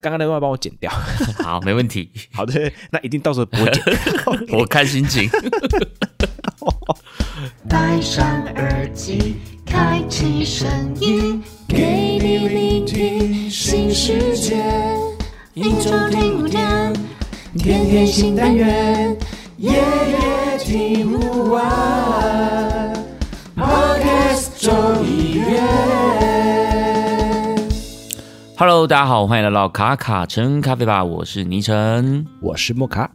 剛剛那段幫我剪掉， 好，沒問題。好的，那一定到時候不剪我、， OK、我看心情。 戴上耳機，開啟聲音，給你聆聽新世界。一周聽五天，天天新單元，夜夜聽不完。Hello，大家好，歡迎來到卡卡橙咖啡吧，我是倪橙，我是睦卡。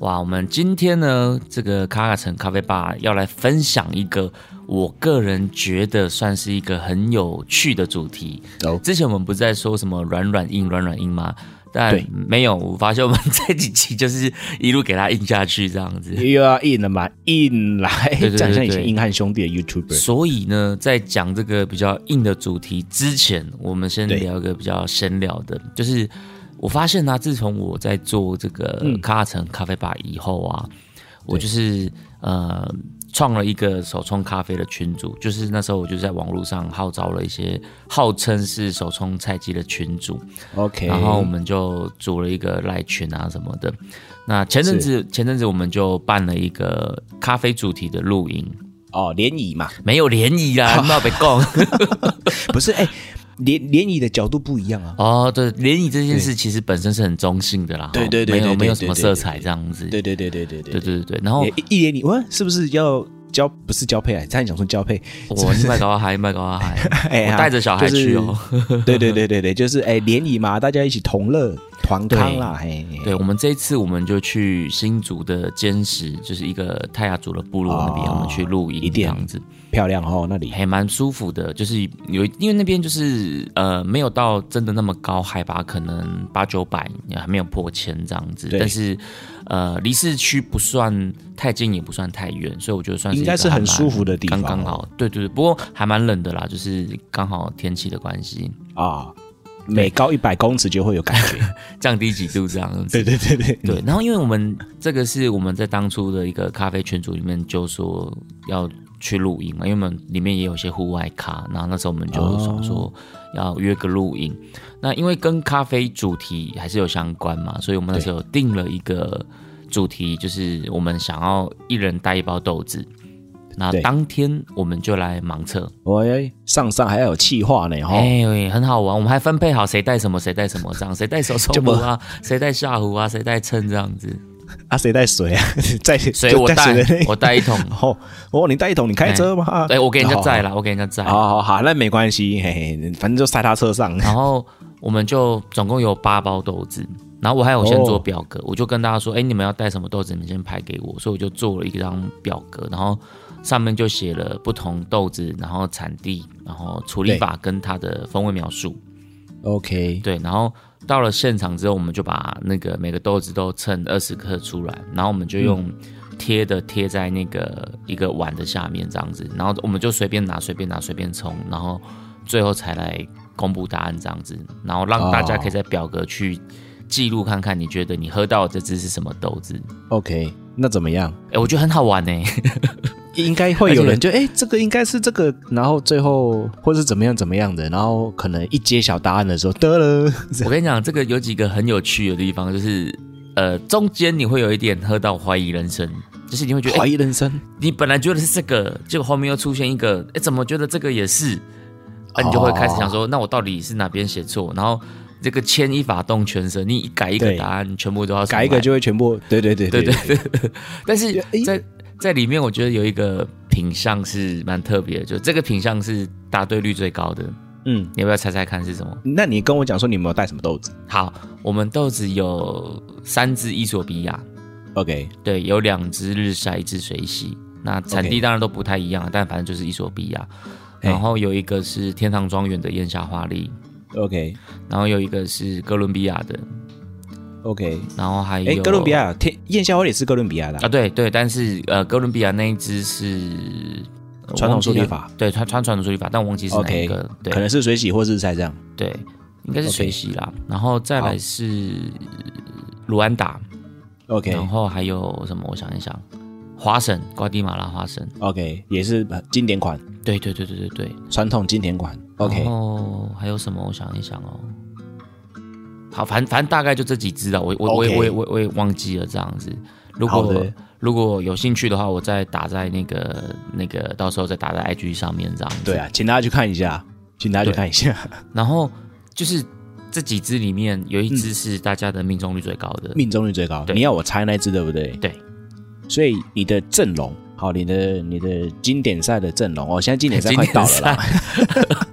哇，我們今天呢，這個卡卡橙咖啡吧要來分享一個我個人覺得算是一個很有趣的主題。哦，之前我們不是在說什麼軟軟硬軟軟硬嗎？但沒有，我發現我們這幾期就是一路給他硬下去這樣子，又要硬了嘛，硬來、like,，就 像以前硬漢兄弟的 YouTuber。所以呢，在講這個比較硬的主題之前，我們先聊一個比較閒聊的，就是我發現他、啊、自從我在做這個卡卡橙咖啡吧以後啊，嗯、我就是呃。創了一個手沖咖啡的群組，就是那時候我就在網絡上號召了一些號稱是手沖菜雞的群組，OK，然後我們就組了一個賴群啊什麼的。那前陣子前陣子我們就辦了一個咖啡主題的錄音哦，聯誼嘛，沒有聯誼啦，你要不要別講， 不是哎。欸連聯誼的角度不一樣啊！哦，對，聯誼這件事其實本身是很中性的啦，對對對，沒有沒有什麼色彩這樣子，對對對對對對對對對對，對。然後一聯誼，哇，是不是要交不是交配啊？剛才講說交配，是邁、哦、高阿海，邁高阿海、 欸，我帶着小孩去哦、喔，就是、 對對對對對，就是哎聯誼嘛，大家一起同樂團康啦，對對嘿，嘿，嘿。對，我們這一次我們就去新竹的尖石，就是一個泰雅族的部落那邊、啊，我、哦、們去露營這樣子。漂亮哦，那裡還蠻舒服的，就是有因為那邊就是呃沒有到真的那麼高海拔，可能八九百還沒有破千這樣子，但是呃離市區不算太近，也不算太遠，所以我覺得算是剛剛應該是很舒服的地方、哦，剛好對對對，不過還蠻冷的啦，就是剛好天氣的關係啊、哦，每高一百公尺就會有感覺降低幾度這樣子，對, 對對對對對。然後因為我們這個是我們在當初的一個咖啡群組裡面就說要。去露營嘛，因為我們裡面也有些戶外咖，然後那時候我們就想說，說要約個露營。哦。那因為跟咖啡主題還是有相關嘛，所以我們那時候定了一個主題，就是我們想要一人帶一包豆子。那當天我們就來盲測，喂，上上還要有企劃呢？哈，哎，欸，很好玩。我們還分配好誰帶什麼，誰帶什麼，這 樣，誰帶手沖壺啊，誰帶下壺啊，誰帶秤這樣子。啊，誰帶水啊，誰帶誰啊？帶誰？我帶，我帶一桶。哦，你帶一桶，你開車吧、欸。對，我給人家載了，我給人家載。好好好，oh, oh, oh, oh, 那沒關係，嘿、欸、嘿，反正就塞他車上。然後我們就總共有八包豆子，然後我還有先做表格，oh. 我就跟大家說，哎、欸，你們要帶什麼豆子，你們先拍給我，所以我就做了一張表格，然後上面就寫了不同豆子，然後產地，然後處理法跟它的風味描述。對 OK，對，然後。到了現場之後，我們就把那個每個豆子都稱二十克出來，然後我們就用貼的貼在那個一個碗的下面這樣子，然後我們就隨便拿隨便拿隨便沖，然後最後才來公布答案這樣子，然後讓大家可以在表格去記錄看看，你覺得你喝到的這支是什麼豆子？OK，那怎麼樣？哎、欸，我覺得很好玩呢、欸。 應該會有人就哎、欸，這個應該是這個，然後最後或者是怎麼樣怎麼樣的，然後可能一揭曉答案的時候，得了。我跟你講，這個有幾個很有趣的地方，就是呃，中間你會有一點喝到懷疑人生，就是你會覺得懷疑人生、欸。你本來覺得是這個，結果後面又出現一個，哎、欸，怎麼覺得這個也是？啊，你就會開始想說，哦、那我到底是哪邊寫錯？然後這個牽一發動全身，你一改一個答案，全部都要改一個，就會全部對，對對對對對對。對對對 但是在、欸在裡面，我覺得有一個品相是蠻特別的，就這個品相是答對率最高的。嗯，你要不要猜猜看是什麼？那你跟我講說你有沒有帶什麼豆子？好，我們豆子有三隻伊索比亞，OK，對，有兩隻日曬，一隻水洗。那產地當然都不太一樣，okay. 但反正就是伊索比亞。然後有一個是天堂莊園的燕霞花麗，OK，然後有一個是哥倫比亞的。OK，然後還有哎，哥倫比亞天燕夏威，也是哥倫比亞的啊。對，對對，但是呃，哥倫比亞那一支是傳統處理法，對傳傳統處理法，但我忘記是哪一個，okay. 對，可能是水洗或是曬這樣，對，應該是水洗啦。Okay. 然後再來是盧安達，OK，然後還有什麼？我想一想，花神，瓜地馬拉花神，OK，也是經典款，對對對對對對，對，傳統經典款，OK。然後還有什麼？我想一想哦。好，反反正大概就這幾支了，我我、okay. 我也我也我也忘記了這樣子。如果如果有興趣的話，我再打在那個那個，到時候再打在 IG 上面這樣子。對啊，請大家去看一下，請大家去看一下。然後就是這幾支裡面有一支是大家的命中率最高的，嗯、命中率最高的。你要我猜那支對不對？對。所以你的陣容，好，你的你的經典賽的陣容哦，現在經典賽快到了。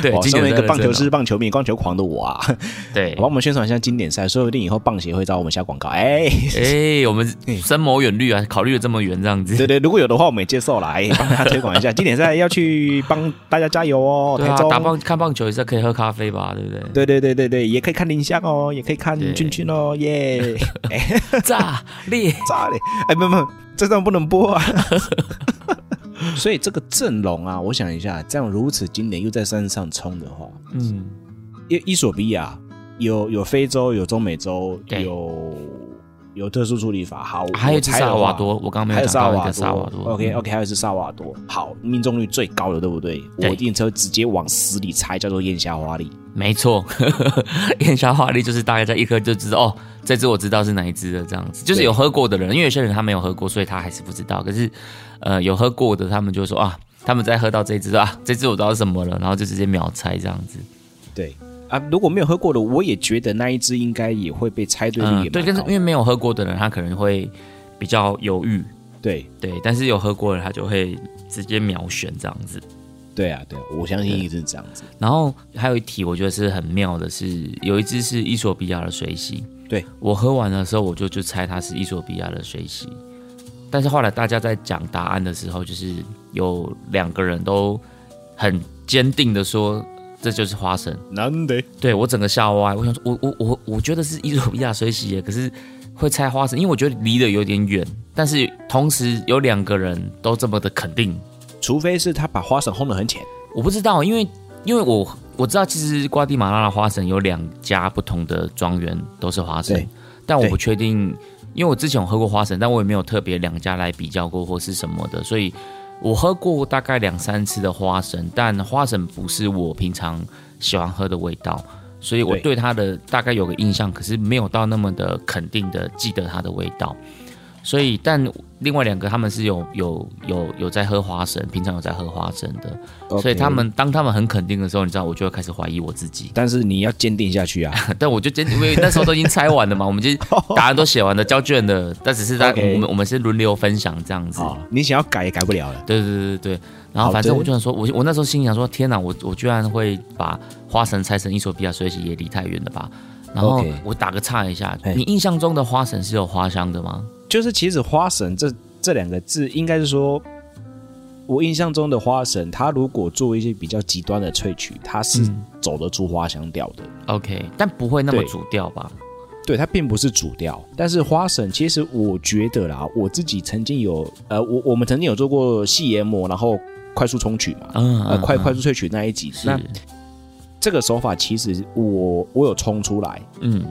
對，我身為一個棒球師、棒球迷、棒球狂的我啊，對，幫我們宣傳一下經典賽，說不定以後棒協會找我們下廣告，哎、欸、哎、欸，我們深謀遠慮啊，欸、考慮的這麼遠，這樣子，對，對對，如果有的話，我們也接受來幫他推廣一下經典賽， 賽要去幫大家加油哦。對啊，打棒看棒球也是可以喝咖啡吧，對不對？對對對對，對也可以看林襄哦，也可以看峮峮哦，耶！ 炸裂，炸裂！哎、欸，不不，這段不能播啊。 所以這個陣容啊，我想一下，這樣如此經典又在山上沖的話，嗯，因為伊索比亞有有非洲，有中美洲，有。有特殊處理法，好。我還有只薩瓦多，我剛剛沒有講到一個薩瓦多。OK OK，還有一支薩瓦多，好，命中率最高的，對不對？對。我電車直接往死裡猜，叫做艷霞華麗。沒錯，艷 霞華麗就是大概在一顆就知道哦，這只我知道是哪一只的這樣子，就是有喝過的人，因為有些人他沒有喝過，所以他還是不知道。可是呃，有喝過的他們就說啊，他們在喝到這只啊，這只我知道是什麼了，然後就直接秒猜這樣子，對。啊，如果沒有喝過的，我也覺得那一支應該也會被猜對的，嗯。對，因為因為沒有喝過的人，他可能會比較猶豫。對對，但是有喝過的，他就會直接秒選這樣子。對啊，對，我相信一直這樣子。然後還有一題，我覺得是很妙的是，是有一支是伊索比亞的水洗。對，我喝完的時候，我就就猜它是伊索比亞的水洗。但是後來大家在講答案的時候，就是有兩個人都很堅定的說。這就是花神，難得。對，我整個下歪，我想說，我我我，我覺得是衣索比亞水洗耶，可是會猜花神，因為我覺得離得有點遠。但是同時有兩個人都這麼的肯定，除非是他把花神烘得很淺，我不知道，因為因為我我知道，其實瓜地馬拉的花神有兩家不同的莊園都是花神，但我不確定，因為我之前我喝過花神，但我也沒有特別兩家來比較過或是什麼的，所以。我喝過大概兩三次的花神，但花神不是我平常喜歡喝的味道，所以我對它的大概有個印象，可是沒有到那麼的肯定的記得它的味道。所以，但另外兩個他們是有有有有在喝花神，平常有在喝花神的。Okay. 所以他們當他們很肯定的時候，你知道，我就會開始懷疑我自己。但是你要堅定下去啊！ 但我就堅，因為那時候都已經猜完了嘛， 我們就答案都寫完了，交卷了。 但只是在、okay. 我們我們是輪流分享這樣子。Oh, 你想要改也改不了了。對對對對，然後反正我就想說，我我那時候心想說，天哪、啊，我我居然會把花神拆成伊索比亞，所以也離太遠了吧。然後我打個岔一下，okay, 你印象中的花神是有花香的嗎？就是其實花神這這兩個字，應該是說，我印象中的花神，它如果做一些比較極端的萃取，它是走得出花香調的、嗯。OK，但不會那麼主調吧？對，對，它並不是主調。但是花神，其實我覺得啦，我自己曾經有，呃，我我們曾經有做過細研磨，然後快速沖取嘛，嗯嗯嗯，呃，快快速萃取那一集那。這個手法其實我我有沖出來，嗯，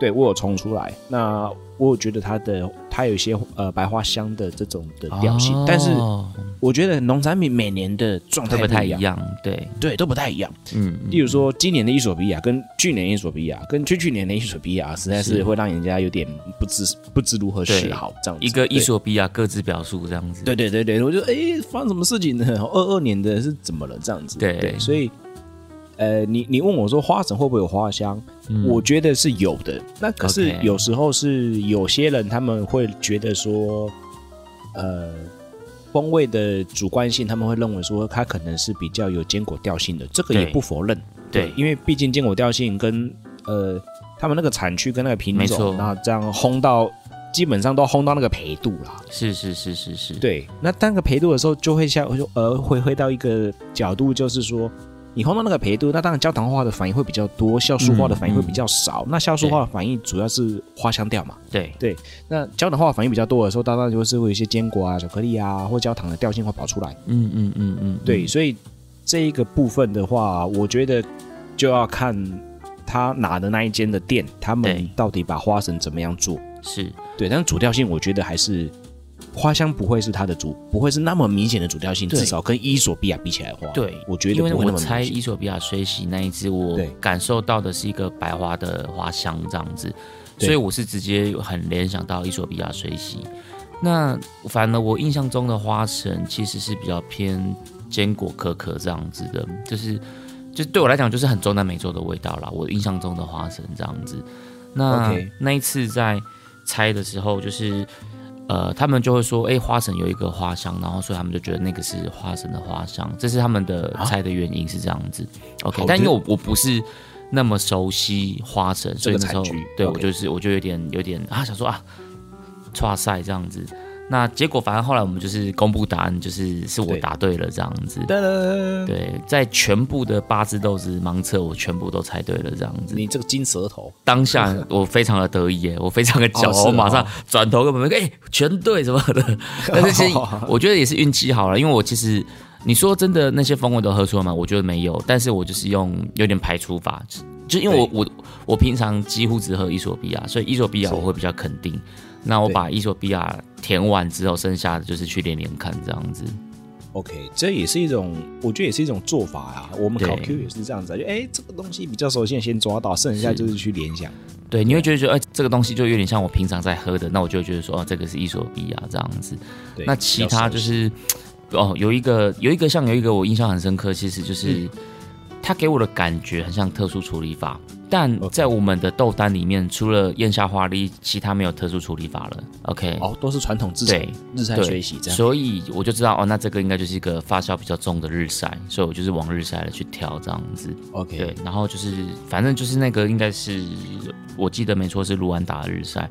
對我有沖出來。那我覺得它的它有一些呃白花香的這種的調性。哦，但是我覺得農產品每年的狀態不都不太一樣，對對都不太一樣。嗯，例如說今年的伊索比亞跟去年伊索比亞跟去去年的伊索比亞，實在是會讓人家有點不知不知如何是好。這樣子一個伊索比亞各自表述這樣子，對對對，對對對，我覺得哎，發生什麼事情呢？二二年的是怎麼了？這樣子，對，對所以。呃，你你問我說花神會不會有花香，嗯？我覺得是有的。那可是有時候是有些人他們會覺得說，Okay. 呃，風味的主觀性，他們會認為說它可能是比較有堅果調性的。這個也不否認，對，對對，因為畢竟堅果調性跟呃他們那個產區跟那個品種，那這樣烘到基本上都烘到那個焙度啦。是是是是是，對。那當個焙度的時候，就會像呃回，回到一個角度，就是說。你烘到那個焙度，那當然焦糖化的反應會比較多，酵素化的反應會比較少。嗯嗯、那酵素化的反應主要是花香調嘛？對對。那焦糖化的反應比較多的時候，當然就是會有一些堅果啊、巧克力啊或焦糖的調性會跑出來。嗯嗯嗯嗯。對，所以這一個部分的話，我覺得就要看他拿的那一間的店，他們到底把花神怎麼樣做。是。對，對，但是主調性我覺得還是。花香不會是它的主，不會是那麼明顯的主調性，至少跟伊索比亞比起來，花對，我覺得明因為我猜伊索比亞水洗那一支，我感受到的是一個白花的花香這樣子，所以我是直接很聯想到伊索比亞水洗。那反而我印象中的花神其實是比較偏堅果可可這樣子的，就是就對我來講就是很中南美洲的味道啦。我印象中的花神這樣子，那、okay. 那一次在猜的時候就是。呃，他們就會說，哎，花神有一個花香，然後所以他們就覺得那個是花神的花香，這是他們的猜的原因、啊、是這樣子。OK，但因為我我不是那麼熟悉花神，這個、所以那時候、這個、對、OK、我就是我就有點有點啊，想說啊，挫賽這樣子。那結果，反而後來我們就是公布答案，就是是我答對了這樣子對。對，在全部的八支豆子盲測，我全部都猜對了這樣子。你這個金舌頭，當下我非常的得意耶，是是我非常的驕傲，哦啊、我馬上轉頭跟朋友哎全對什麼的。但是我覺得也是運氣好了，因為我其實你說真的那些風味都喝出來嗎？我覺得沒有，但是我就是用有點排除法，就因為我我我平常幾乎只喝伊索比亞，所以伊索比亞我會比較肯定。那我把伊索比亞填完之後，剩下的就是去連連看這樣子對，對。OK，這也是一種，我覺得也是一種做法啊。我們考 Q 也是這樣子，就哎、欸，這個東西比較熟悉，先抓到，剩下就是去聯想。對，對，你會覺得說，哎、欸，這個東西就有點像我平常在喝的，那我就會覺得說，哦，這個是伊索比亞這樣子對。那其他就是，哦，有一個有一個像有一個我印象很深刻，其實就是、嗯、它給我的感覺很像特殊處理法。但在我們的豆單裡面，okay. 除了厭氧花魁，其他沒有特殊處理法了。OK，哦，都是傳統製程，對，日曬水洗這樣。所以我就知道哦，那這個應該就是一個發酵比較重的日曬，所以我就是往日曬的去挑這樣子。OK，對，然後就是反正就是那個應該是。我記得沒錯是盧安達的日曬，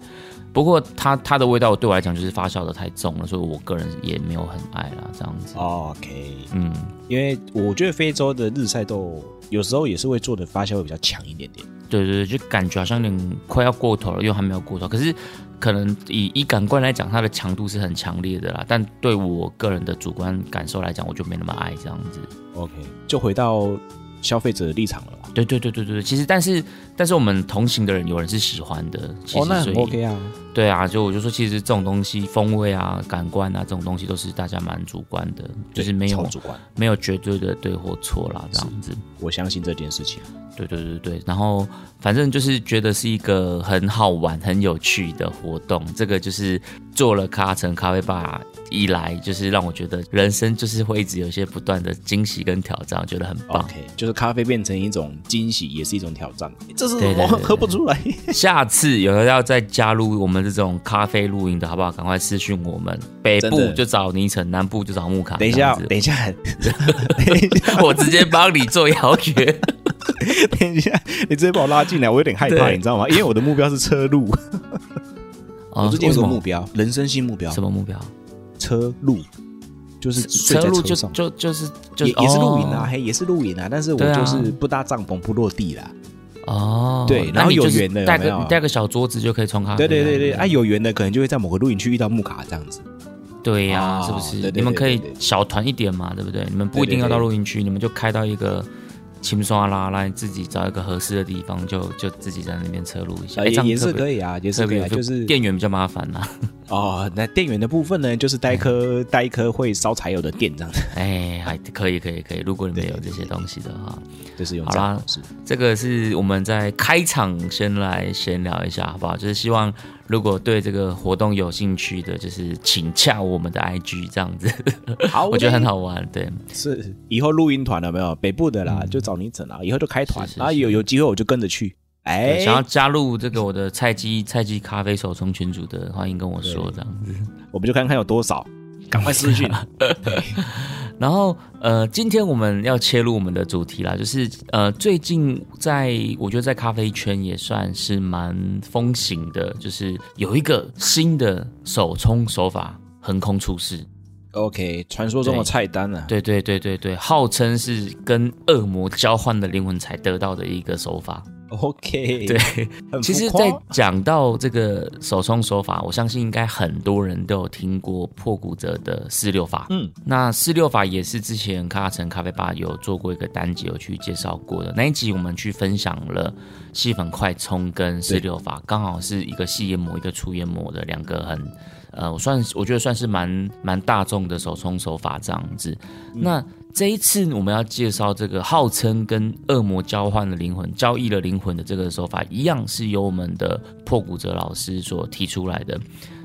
不過它它的味道對我來講就是發酵的太重了，所以我個人也沒有很愛啦，這樣子。OK，嗯，因為我覺得非洲的日曬豆有時候也是會做的發酵會比較強一點點。對對對，就感覺好像有點快要過頭了，又還沒有過頭。可是可能以以感官來講，它的強度是很強烈的啦。但對我個人的主觀感受來講，我就沒那麼愛這樣子。OK，就回到消費者的立場了吧？對對對對對，其實但是。但是我們同行的人，有人是喜歡的，其實、哦、那很 OK 啊，對啊，就我就說，其實這種東西風味啊、感官啊，這種東西都是大家蠻主觀的，就是沒有超主觀，沒有絕對的對或錯啦，這樣子。我相信這件事情。對對對對，然後反正就是覺得是一個很好玩、很有趣的活動。這個就是做了卡卡橙咖啡吧以來，就是讓我覺得人生就是會一直有些不斷的驚喜跟挑戰，覺得很棒。OK，就是咖啡變成一種驚喜，也是一種挑戰。這我喝不出來。下次有人要再加入我們這種咖啡露營的，好不好？趕快私訊我們。北部就找倪橙，南部就找睦卡等、哦。等一下，等一下，等一下，我直接幫你做邀約。 等一下，你直接把我拉進來，我有點害怕，你知道嗎？因為我的目標是車路。 哦、我最近有什個目標，人生新目標。什麼目標？車路就是車，車路就就就是就是也，哦、也是露營啊，嘿，也是露營啊，但是我就是不搭帳篷，不落地啦。哦、oh,，對，然後，有緣的帶個有有你帶個小桌子就可以沖卡？對對對對，哎、啊，有緣的可能就會在某個露營區遇到木卡這樣子。對呀、啊哦，是不是對對對對對對對？你們可以小團一點嘛，對不對？你們不一定要到露營區，對對對對，你們就開到一個輕刷啦，來自己找一個合適的地方，就就自己在那邊車露一下也也。顏色可以啊，特別顏色可以、啊，就是電源比較麻煩啦。 哦，那電源的部分呢？就是帶顆帶一顆會燒柴油的電這樣子。哎，還可以，可以，可以。如果你們有這些東西的話，對對對對，就是用。好啦，是這個是我們在開場先來閒聊一下，好不好？就是希望如果對這個活動有興趣的，就是請洽我們的 IG 這樣子。好、欸， 我覺得很好玩。對，是以後錄音團了沒有？北部的啦、嗯，就找你整啊。以後就開團，然後有有機會我就跟着去。想要加入這個我的菜雞菜雞咖啡手沖群組的，歡迎跟我說這樣子，我們就看看有多少，趕快私信了。 然後呃，今天我們要切入我們的主題啦，就是呃，最近在我覺得在咖啡圈也算是蠻風行的，就是有一個新的手沖手法橫空出世。OK，傳說中的菜單呢、啊？對對對對對，號稱是跟惡魔交換的靈魂才得到的一個手法。OK，對，其實，在講到這個手沖手法，我相信應該很多人都有聽過粕谷哲的四六法。嗯，那四六法也是之前卡卡橙咖啡吧有做過一個單集，有去介紹過的。那一集我們去分享了細粉快沖跟四六法，嗯，剛好是一個細研磨，一個粗研磨的兩個很，呃，我算我覺得算是蠻蠻大眾的手沖手法，這樣子。那、嗯這一次我們要介紹這個號稱跟惡魔交換的靈魂、交易了靈魂的這個手法，一樣是由我們的粕谷哲老師所提出來的。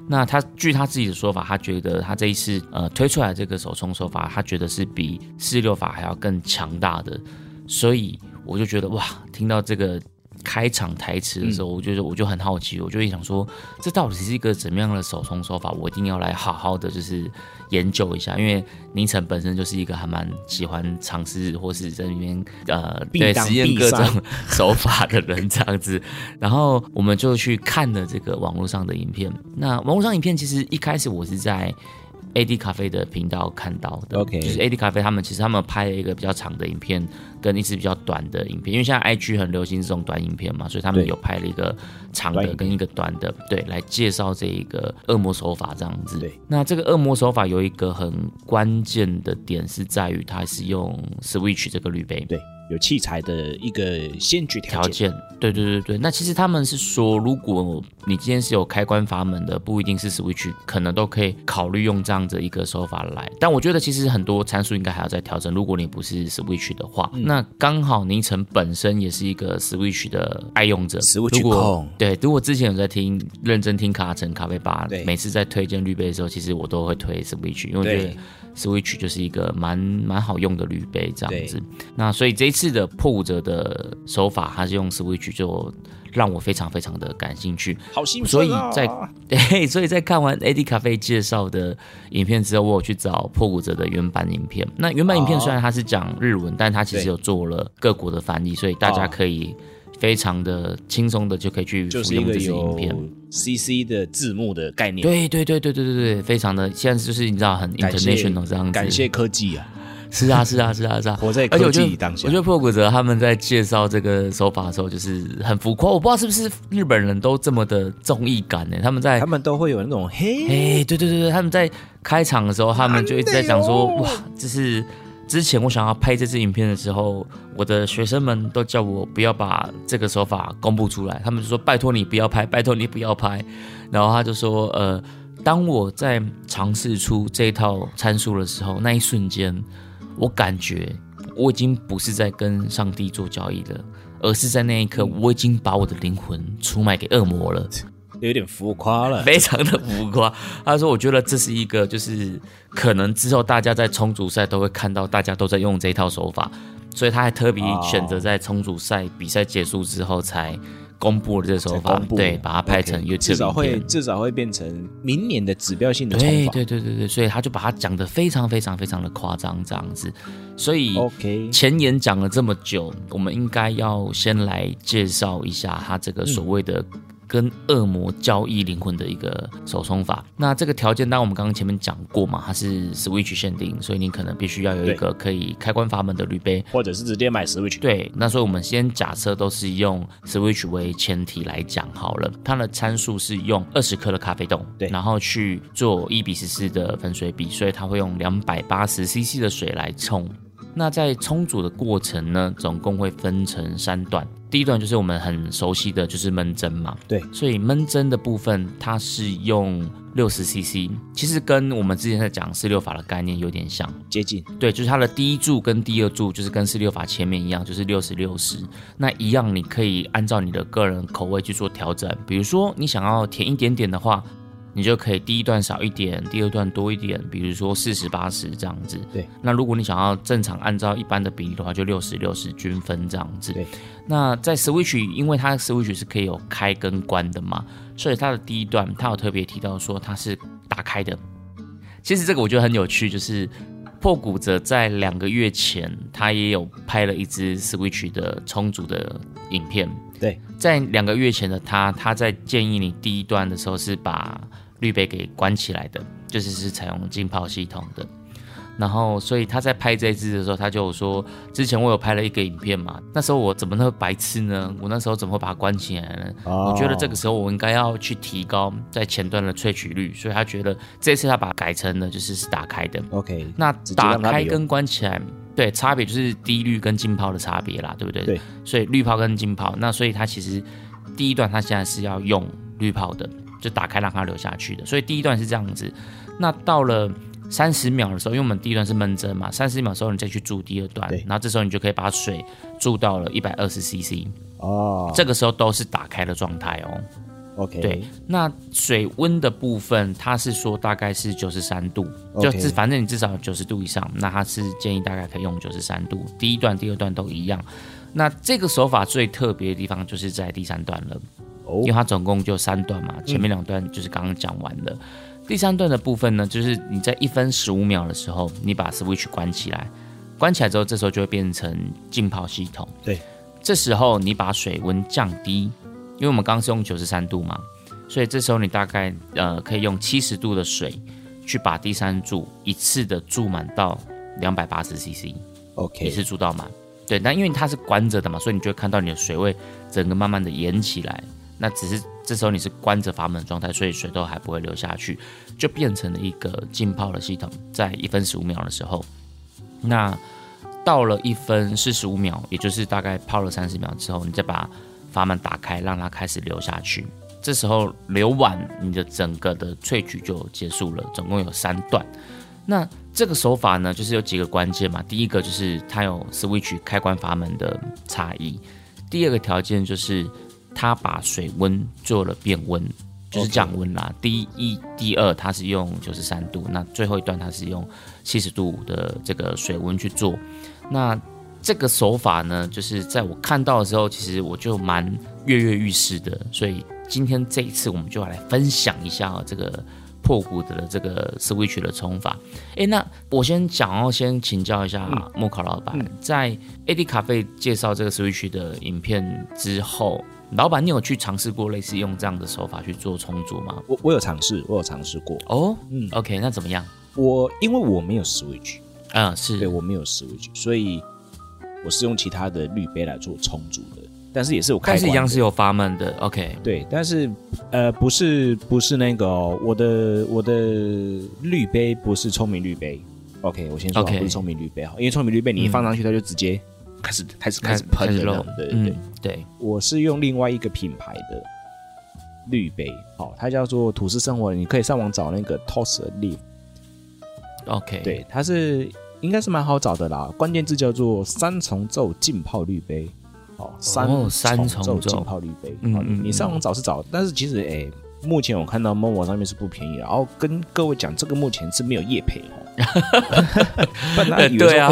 那他，據他自己的說法，他覺得他這一次呃推出來這個手沖手法，他覺得是比四六法還要更強大的。所以我就覺得哇，聽到這個開場台詞的時候，我覺得我就很好奇，嗯、我就想說這到底是一個怎麼樣的手沖手法？我一定要來好好的就是。研究一下，因為倪橙本身就是一個還蠻喜歡嘗試或是在裡面呃必必，對，實驗各種手法的人這樣子。然後我們就去看了這個網絡上的影片。那網絡上影片其實一開始我是在。A D 咖啡的頻道看到的，okay. 就是 A D 咖啡他們其實他們拍了一個比較長的影片，跟一支比較短的影片，因為現在 I G 很流行這種短影片嘛，所以他們有拍了一個長的跟一個短的，對，對來介紹這一個惡魔手法這樣子。對，那這個惡魔手法有一個很關鍵的點是在於它是用 Switch 這個濾杯，對，有器材的一個限制條件。條件，對對對對。那其實他們是說，如果你今天是有開關閥門的，不一定是 switch，可能都可以考慮用這樣子一個手法來。但我覺得其實很多參數應該還要再調整。如果你不是 switch 的話，嗯、那剛好倪橙本身也是一個 switch 的愛用者。Switch、如果對，如果之前有在聽認真聽卡卡橙咖啡吧，每次在推薦濾杯的時候，其實我都會推 switch，因為我覺得 switch 就是一個蠻蠻好用的濾杯這樣子。那所以這一次的粕谷哲的手法，它是用 switch 做。讓我非常非常的感興趣，好興奮、啊！所以在， 所以在看完 AD 咖啡介紹的影片之後，我有去找粕谷哲的原版影片。那原版影片雖然它是講日文，啊、但它其實有做了各國的翻譯，所以大家可以非常的輕鬆的就可以去使用這些影片，就是，一個 CC 的字幕的概念。對對對對對對，非常的，現在就是你知道很 international 這樣子，感，感謝科技啊！是啊是啊是啊是啊，而且、啊啊啊哎、我當得，我覺得粕谷哲他們在介紹這個手法的時候，就是很浮誇。我不知道是不是日本人都這麼的綜藝感呢、欸？他們在他們都會有那種嘿，嘿，對對對對，他們在開場的時候，他們就一直在講說、哦、哇，就是之前我想要拍這支影片的時候，我的學生們都叫我不要把這個手法公布出來，他們就說拜托你不要拍，拜托你不要拍。然後他就說呃，當我在嘗試出這套參數的時候，那一瞬間。我感覺我已經不是在跟上帝做交易了，而是在那一刻，我已經把我的靈魂，出賣給惡魔了，有點浮誇了，非常的浮誇。他說：“我覺得這是一個，就是可能之後大家在沖煮賽，都會看到，大家都在用這一套手法，所以他還特別選擇在沖煮賽，比賽結束之後才。”公布的這個手法佈，對，把它拍成 YouTube，okay, 至少會至少會變成明年的指標性的。對對對對對，所以他就把它講的非常非常非常的誇張這樣子。所以，OK，前言講了這麼久，okay. 我們應該要先來介紹一下他這個所謂的、嗯。跟惡魔交易靈魂的一個手沖法，那這個條件，當然我們剛剛前面講過嘛，它是 switch 限定，所以你可能必須要有一個可以開關閥門的濾杯，或者是直接買 switch。對，那所以我們先假設都是用 switch 為前提來講好了，它的參數是用二十克的咖啡豆，對，然後去做一比十四的粉水比，所以它會用兩百八十 cc 的水來沖。那在沖煮的過程呢，總共會分成三段。第一段就是我們很熟悉的就是燜蒸嘛，對，所以燜蒸的部分它是用六十 CC，其實跟我們之前在講四六法的概念有點像，接近，對，就是它的第一柱跟第二柱就是跟四六法前面一樣，就是六十六十，那一樣你可以按照你的個人口味去做調整，比如說你想要甜一點點的話。你就可以第一段少一點，第二段多一點，比如說四十八十這樣子。對，那如果你想要正常按照一般的比例的話，就六十六十均分這樣子。對，那在 Switch，因為它 Switch 是可以有開跟關的嘛，所以它的第一段它有特別提到說它是打開的。其實這個我覺得很有趣，就是粕谷哲在兩個月前他也有拍了一支 Switch 的沖煮的影片。對，在兩個月前的他，他在建議你第一段的時候是把濾杯給關起來的，就是是採用浸泡系統的，然後所以他在拍這一支的時候，他就說，之前我有拍了一個影片嘛，那時候我怎麼那麼白痴呢？我那時候怎麼會把它關起來呢？Oh. 我覺得這個時候我應該要去提高在前段的萃取率，所以他覺得這次他把它改成了就是是打開的。OK，那打開跟關起來，okay. 對，差別就是滴濾跟浸泡的差別啦，對不對？對，所以濾泡跟浸泡，那所以他其實第一段他現在是要用濾泡的。就打開讓它流下去的，所以第一段是這樣子。那到了三十秒的時候，因為我們第一段是悶蒸嘛，三十秒的時候你再去注第二段，然後這時候你就可以把水注到了一百二十 CC 哦。這個時候都是打開的狀態哦。OK，對，那水溫的部分，它是說大概是九十三度，okay、就至反正你至少有九十度以上，那它是建議大概可以用九十三度。第一段、第二段都一樣。那這個手法最特別的地方就是在第三段了。因為它總共就三段嘛，前面兩段就是剛剛講完的，第三段的部分呢，就是你在一分十五秒的時候，你把 switch 關起來，關起來之後，這時候就會變成浸泡系統。對，這時候你把水溫降低，因為我們剛剛是用九十三度嘛，所以這時候你大概呃可以用七十度的水去把第三注一次的注滿到兩百八十 cc，OK，一次注到滿。對，那因為它是關着的嘛，所以你就會看到你的水位整個慢慢的淹起來。那只是這時候你是關着閥門的狀態，所以水都還不會流下去，就變成了一個浸泡的系統。在一分十五秒的時候，那到了一分四十五秒，也就是大概泡了三十秒之後，你再把閥門打開，讓它開始流下去。這時候流完，你的整個的萃取就結束了。總共有三段。那這個手法呢，就是有幾個關鍵嘛。第一個就是它有 Switch 開關閥門的差異。第二個條件就是。他把水溫做了變溫，就是降溫啦。Okay. 第一、第二，他是用九十三度，那最後一段他是用七十度的這個水溫去做。那這個手法呢，就是在我看到的時候，其實我就蠻躍躍欲試的。所以今天這一次，我們就來分享一下、喔、這個粕谷哲的這個 switch 的沖法。誒、欸，那我先想要先請教一下睦、啊、卡老闆，在 AD 咖啡介紹這個 switch 的影片之後，老板，你有去嘗試過類似用這樣的手法去做充足嗎？我我有嘗試，我有嘗試過。哦、oh? 嗯，嗯，OK，那怎麼樣？我因為我沒有 switch，嗯，是對，我沒有 switch，所以我是用其他的濾杯來做充足的，但是也是我看是一樣是有閥門的。OK，對，但是呃不是不是那個、哦，我的我的濾杯不是聰明濾杯。OK，我先說、okay. 不是聰明濾杯好，因為聰明濾杯你一放上去它就直接、嗯。開始開始開始噴了，嗯，對對對，我是用另外一個品牌的濾杯，好，哦，它叫做土司生活，你可以上網找的那個 Tossly，OK，okay. 對，它是應該是蠻好找的啦，關鍵字叫做三重奏浸泡濾杯，哦。三重奏浸泡濾杯，你，哦嗯嗯，你上網找是找，嗯，但是其實哎，欸，目前我看到 momo 上面是不便宜，然後跟各位講，這個目前是沒有業配哦，本 來 對啊。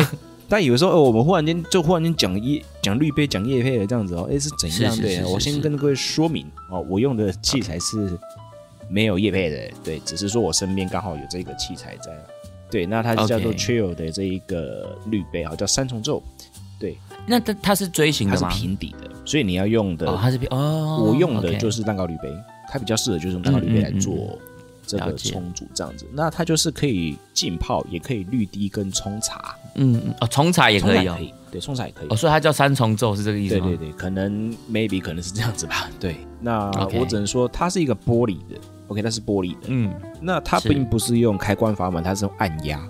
但有時候，哦，我們忽然間就忽然間講一講濾杯講業配的這樣子哦，哎，是怎樣的？對，我先跟各位說明哦，我用的器材是沒有業配的，okay. 對，只是說我身邊剛好有這個器材在，對，那它就叫做 trail 的這一個濾杯啊、哦，叫三重奏，對，那它它是錐形的嗎？它是平底的，所以你要用的哦，它是平哦，我用的就是蛋糕濾杯，okay. 它比較適合就是用蛋糕濾杯來做。嗯嗯嗯這個沖煮這樣子，那它就是可以浸泡，也可以濾滴跟沖茶，嗯，哦，沖茶也可以哦，對，沖茶也可以、哦，所以它叫三重奏是這個意思嗎？對對對，可能 maybe 可能是這樣子吧。對，那、Okay. 我只能說它是一個玻璃的，OK，它是玻璃的，嗯，那它並不是用開關閥門，它是用按壓，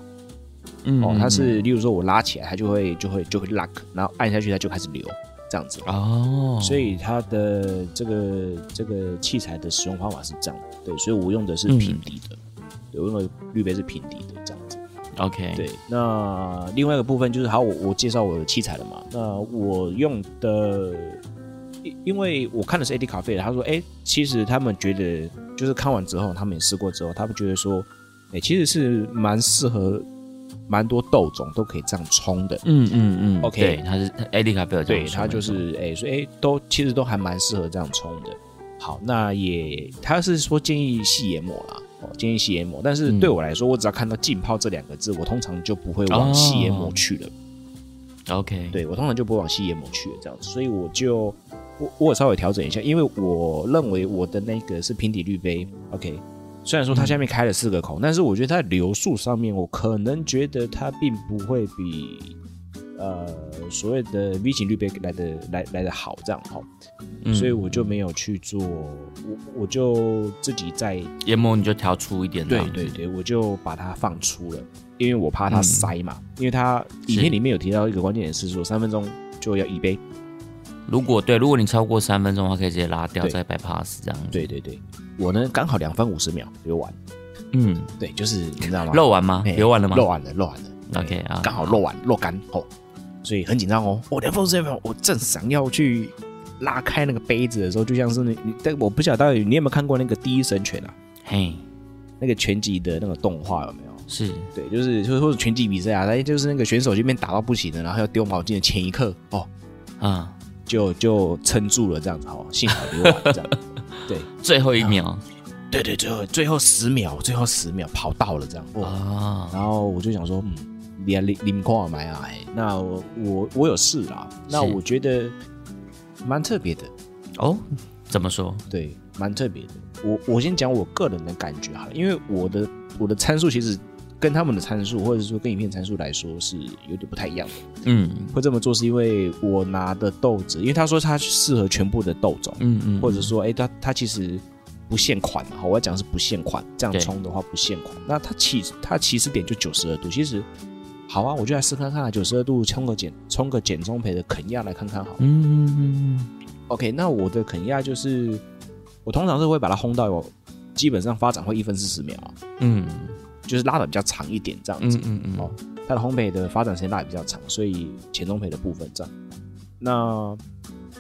嗯，哦，它是，例如說我拉起來，它就會就會就會 lock，然後按下去它就開始流。這樣子哦，oh. 所以它的這個這個器材的使用方法是這樣，對，所以我用的是平底的。嗯、對，我用的濾杯是平底的這樣子。OK，對，那另外一個部分就是，好，我我介紹我的器材了嘛，那我用的，因為我看的是 AD 咖啡的，他說，哎、欸，其實他們覺得，就是看完之後，他們也試過之後，他們覺得說，哎、欸，其實是蠻適合。蠻多豆種都可以這樣沖的，嗯嗯嗯，OK，對，他是艾麗卡貝爾，對他就是哎，所以哎，都其實都還蠻適合這樣沖的。好，那也他是說建議細研磨啦，哦，建議細研磨，但是對我來說，我只要看到浸泡這兩個字，我通常就不會往細研磨去了。OK，對，我通常就不會往細研磨去了，這樣子，所以我就我我也稍微調整一下，因為我認為我的那個是平底濾杯，OK。雖然說它下面開了四個孔，嗯、但是我覺得它的流速上面，我可能覺得它並不會比呃所謂的 V 型濾杯來的來來的好這樣哈、喔嗯，所以我就沒有去做，我我就自己在研磨你就調粗一點，對對對，我就把它放粗了，因為我怕它塞嘛、嗯，因為它影片裡面有提到一個關鍵點是說是三分鐘就要一杯，如果對，如果你超過三分鐘的話，可以直接拉掉再 bypass 這樣子，對對對。我呢，剛好兩分五十秒流完。嗯，對，就是你知道嗎？漏完嗎？流、欸、完了嗎？漏完了，漏完了。OK 啊，剛好漏完，落乾哦，所以很緊張哦。我兩分四十五，7, 我正想要去拉開那個杯子的時候，就像是你，你但我不曉得到底你有沒有看過那個《第一神拳》啊？嘿、hey.，那個拳擊的那個動畫有沒有？是，對，就是就是或者是拳擊比賽啊，他就是那個選手就變打到不行了，然後要丟毛巾的前一刻哦，啊，就就撐住了這樣子哦，幸好流完這樣。 對最後一秒，啊、對，對對，最後最後十秒，最後十秒跑到了這樣哦，哦。然後我就想說，嗯，你你你們過好買啊？那我我，我有事啦。那我覺得蠻特別的哦。怎麼說？對，蠻特別的。我我先講我個人的感覺哈，因為我的我的參數其實。跟他們的參數，或者說跟影片參數來說是有點不太一樣的。嗯，會這麼做是因為我拿的豆子，因為他說他適合全部的豆種。嗯嗯。或者說，哎、欸，它它其實不限款、啊，哈，我要講是不限款，這樣沖的話不限款。那它起它起始點就九十二度，其實好啊，我就來試看看、啊，九十二度沖個減沖個減中培的肯亞來看看好了，好。嗯嗯嗯嗯。OK，那我的肯亞就是我通常是會把它烘到有基本上發展會一分四十秒。嗯。就是拉的比較長一點，這樣子，嗯嗯,嗯、哦、它的烘焙的發展時間拉的比較長，所以前中培的部分這樣，那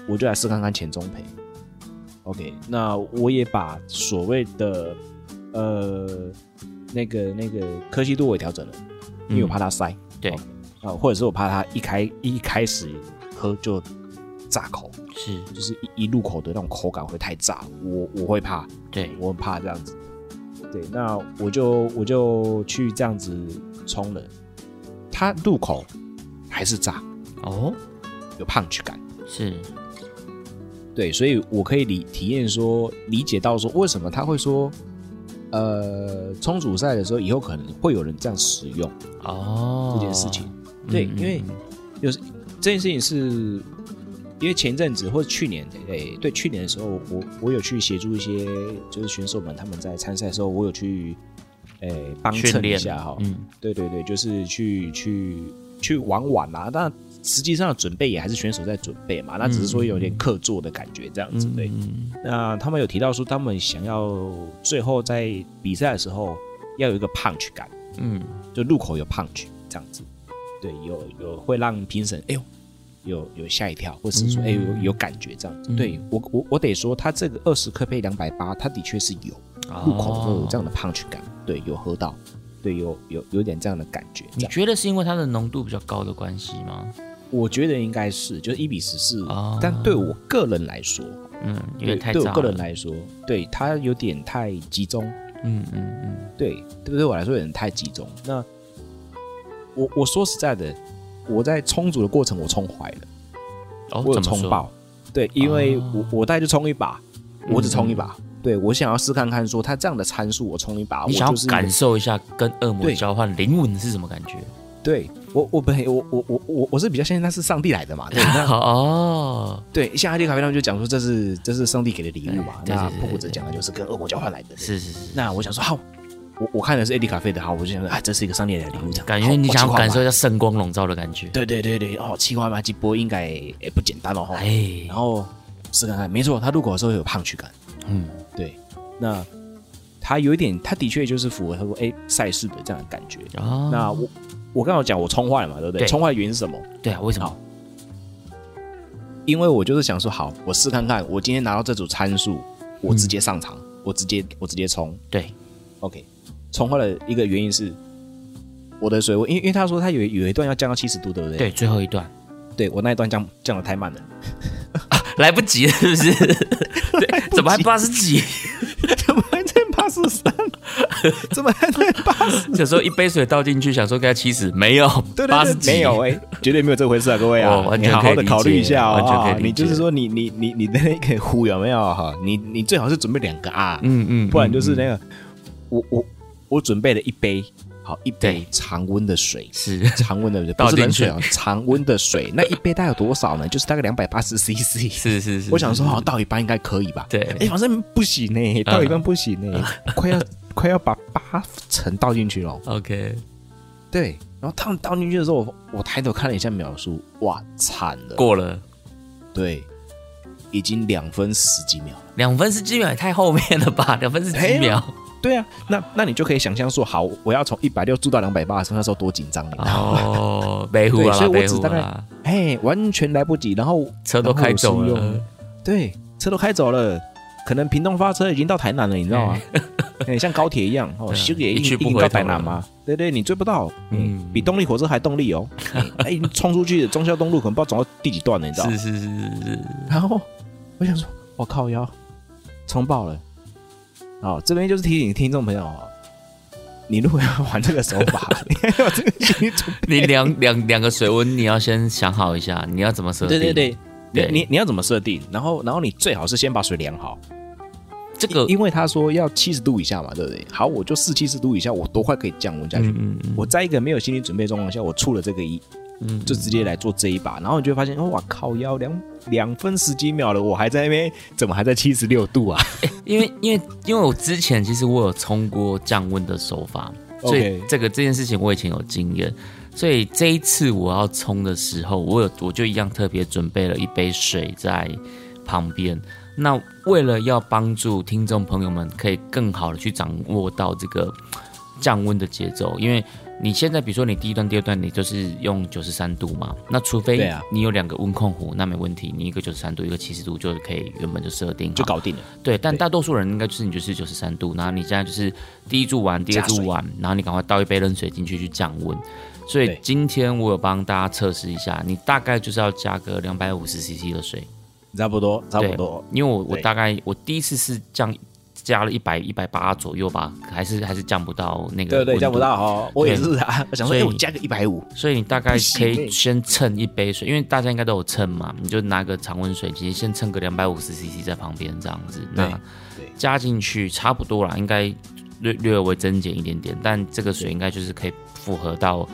我就來試看看前中培，OK，那我也把所謂的呃那個那個科技度我也調整了，因為我怕它塞，嗯、對，啊、哦，或者是我怕它一開一開始喝就炸口，是，就是一一入口的那種口感會太炸，我我會怕，對我很怕這樣子。對，那我就我就去這樣子沖了，它入口還是炸哦，有 punch 感，是對，所以我可以理體驗說理解到說為什麼他會說，呃，沖煮賽的時候以後可能會有人這樣使用哦這件事情，哦、對嗯嗯，因為就是這件事情是。因為前陣子或者去年，誒、欸，對，去年的時候我，我我有去協助一些就是選手們，他們在參賽的時候，我有去，誒、欸，幫襯一下哈。嗯，對對對，就是去去去玩玩吶、啊。但實際上的準備也還是選手在準備嘛，那只是說有點客座的感覺這樣子，嗯嗯對。那他們有提到說，他們想要最後在比賽的時候要有一個 punch 感，嗯，就入口有 punch 這樣子，對，有有會讓評審，哎呦。有有嚇一跳，或者是說，哎、欸，有有感覺這樣子。嗯嗯、對我我我得說，它這個二十克配兩百八，它的確是有入口的時候有這樣的 punch 感、哦。對，有喝到，對，有有有點這樣的感覺。你覺得是因為它的濃度比較高的關係嗎？我覺得應該是，就是一比十四、哦。但對我個人來說，嗯，因為對，對我個人來說，對它有點太集中。嗯嗯嗯，對，不對我來說有點太集中。那我我說實在的。我在沖煮的過程我、哦，我沖壞了，或者沖爆，對，因為我、哦、我大概就沖一把，我只沖一把，嗯、對我想要試看看說，說它這樣的參數，我沖一把，我想要感受一下跟惡魔交換靈魂是什麼感覺。對我，我本來我我我我我是比較相信他是上帝來的嘛，對那 哦，對，像阿迪卡啡他們就講說這是這是上帝給的禮物嘛，哎、那些痛苦者講的就是跟惡魔交換來的，是是是。那我想說好。我我看的是 AD 咖啡的好，我就想說，啊，這是一個商業的禮感覺你想要感受一下聖光籠罩的感覺、哦哦。對對對對，哦，七花麥基波應該也,也不簡單哦。哎，OK、然後試看看，沒錯，他入口的時候有胖曲感。嗯，對，那他有一點，他的確就是符合他說哎賽、欸、事的這樣的感覺。哦，那我我剛剛講我沖壞嘛，對不對？沖壞的原因是什麼？對啊，為什麼？因為我就是想說，好，我試看看，我今天拿到這組參數、嗯，我直接上場，我直接我直接沖。對，OK。沖壞了一個原因是我的水溫，因為因為他說他有有一段要降到七十度，對不對？對，最後一段，對我那一段降降得太慢了，啊、來不及了是不是？怎 麼還八十幾？怎麼還在八十三？ 怎麼還在八十？有時候一杯水倒進去，想說給他七十，沒有，對八十沒有，哎，絕對沒有這回事啊，各位啊，你好好的考慮一下啊、哦哦，你就是說你你你你那個壺有沒有哈？你你最好是準備兩個啊，嗯嗯，不然就是那個我、嗯嗯嗯、我。我我準備了一杯，好一杯常溫的，的水，是常溫的水，不是冷水 常溫的水，那一杯大概有多少呢？就是大概兩百八十 cc。是是是。我想說，哦，倒一半應該可以吧？對。好，欸，像不行呢，欸，倒一半不行呢，欸 uh, uh,，快要快要把八成倒進去了。OK。對，然後他們倒進去的時候，我抬頭看了一下秒數，哇，慘了，過了。對，已經兩分十幾秒了。兩分十幾秒也太後面了吧？兩分十幾秒。對啊，那那你就可以想象說，好，我要從一百六住到兩百八，從那時候多緊張，你知道嗎？哦，沒湖啊，對，所以我只大概，哎，完全來不及，然後車都開走，對，車都開走了、嗯，可能屏東發車已經到台南了，你知道嗎、啊 欸？像高鐵一樣哦，修、 啊、也已經一去不回已經到台南嘛。對，對對，你追不到，嗯，比動力火車還動力哦，已、欸、哎，衝、欸、出去了，忠孝東路可能不知道走到第幾段了，你知道嗎？是是，是是是是。然後我想說，我靠腰，我要沖爆了。哦，這邊就是提醒聽眾朋友哦，你如果要玩這個手法， 你兩兩兩個水溫，你要先想好一下，你要怎麼設定？對對對，對你你你要怎麼設定？然後然後你最好是先把水量好。這個，因為他說要七十度以下嘛，對不對？好，我就四七十度以下，我都快可以降溫下去。嗯，我在一個沒有心理準備狀況下，我出了這個一，嗯，就直接來做這一把，嗯，然後你就會發現，哇靠腰，腰兩兩分十幾秒了，我還在那邊，怎麼還在七十六度啊？欸，因為，因為，因為我之前其實我有沖過降溫的手法，Okay. 所以這個這件事情我以前有經驗，所以這一次我要沖的時候，我有我就一樣特別準備了一杯水在旁邊。那為了要幫助聽眾朋友們可以更好的去掌握到這個降溫的節奏，因為你現在比如說你第一段、第二段，你就是用九十三度嘛。那除非你有兩個溫控壺，那沒問題，你一個九十三度，一個七十度，就可以原本就設定好就搞定了。對，但大多數人應該就是你就是九十三度，然後你現在就是第一注完、第二注完，然後你趕快倒一杯冷水進去去降溫。所以今天我有幫大家測試一下，你大概就是要加個兩百五十 CC 的水。差不多，差不多。因為我我大概我第一次是降，加了一百一百八左右吧，還是還是降不到那個。對對，降不到哦。我也是啊， 想說所以、欸、我加個一百五。所以你大概可以先稱一杯水，因為大家應該都有稱嘛，你就拿個常溫水機，其實先稱個兩百五十 CC 在旁邊這樣子。那加進去差不多了，應該略略微增減一點點，但這個水應該就是可以符合到